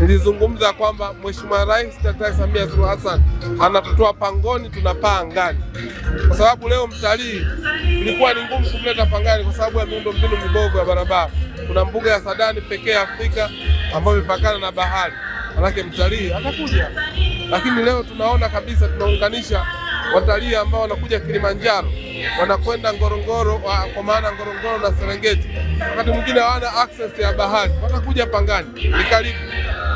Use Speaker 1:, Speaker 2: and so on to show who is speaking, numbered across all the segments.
Speaker 1: nilizungumza kwamba Mheshimiwa Rais Daktari Samia Suluhu Hassan anatutoa pangoni, tunapaa angani, kwa sababu leo mtalii ilikuwa ni ngumu kumleta pangani kwa sababu ya mbinu mibovu ya barabara. Kuna mbuga ya Sadani pekee Afrika ambayo imepakana na bahari, manake mtalii atakuja. Lakini leo tunaona kabisa tunaunganisha watalii ambao wanakuja Kilimanjaro wanakwenda Ngorongoro, kwa maana Ngorongoro na Serengeti, wakati mwingine hawana access ya bahari, watakuja Pangani, ni karibu.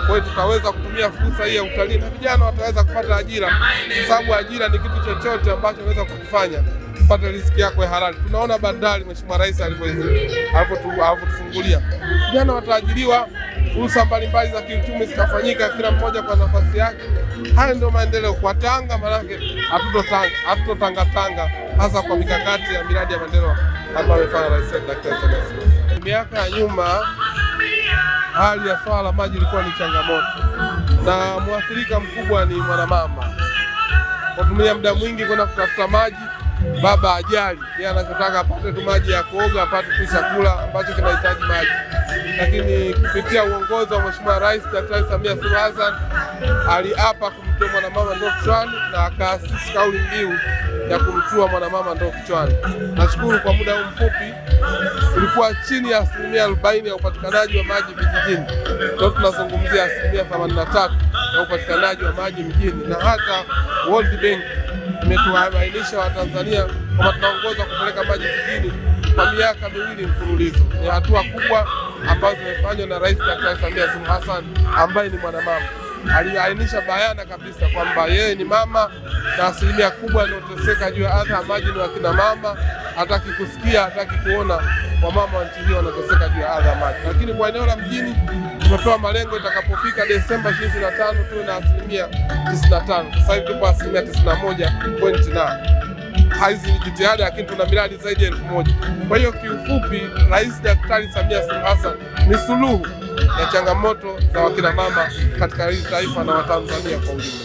Speaker 1: Kwa hiyo tutaweza kutumia fursa hii ya utalii na vijana wataweza kupata ajira, kwa sababu ajira ni kitu chochote ambacho unaweza kukifanya kupata riziki yako ya halali. Tunaona bandari, Mheshimiwa Rais alivyotufungulia, vijana wataajiriwa, fursa mbalimbali za kiuchumi zitafanyika, kila mmoja kwa nafasi yake. Haya ndio maendeleo kwa Tanga, maanake Tanga hasa kwa mikakati ya miradi ya maendeleo ambayo amefanya Rais Daktari Samia Miaka ya nyuma hali ya swala maji ilikuwa ni changamoto, na mwathirika mkubwa ni mwanamama, kutumia muda mwingi kwenda kutafuta maji. Baba ajali, yeye anachotaka apate tu maji ya kuoga, apate tu chakula ambacho kinahitaji maji. Lakini kupitia uongozi wa Mheshimiwa Rais Daktari Samia Suluhu Hassan aliapa kumtoa mwanamama ndoo kichwani na akaasisi kauli mbiu ya kumtua mwanamama ndo kichwani. Nashukuru kwa muda huu mfupi, ulikuwa chini ya asilimia arobaini ya upatikanaji wa maji vijijini, leo tunazungumzia asilimia themanini na tatu ya upatikanaji wa maji mjini, na hata World Bank imetuabainisha Watanzania kwamba tunaongoza kupeleka maji vijijini kwa miaka miwili mfululizo. Ni hatua kubwa ambazo zimefanywa na Rais Daktari Samia Suluhu Hassan ambaye ni mwanamama aliainisha bayana kabisa kwamba yeye ni mama na asilimia kubwa inayoteseka juu ya adha ya maji ni wakina mama. Hataki kusikia, hataki kuona kwa mama wa nchi hiyo wanateseka juu ya adha ya maji. Lakini kwa eneo la mjini tumepewa malengo, itakapofika Desemba 25 tuwe na asilimia 95. Sasa hivi tupo asilimia 91.8 hizi ni jitihada, lakini tuna miradi zaidi ya elfu moja. Kwa hiyo kiufupi, Rais Daktari Samia Suluhu Hassan ni suluhu ya changamoto za mama katika hili taifa na Watanzania kwa ujumla.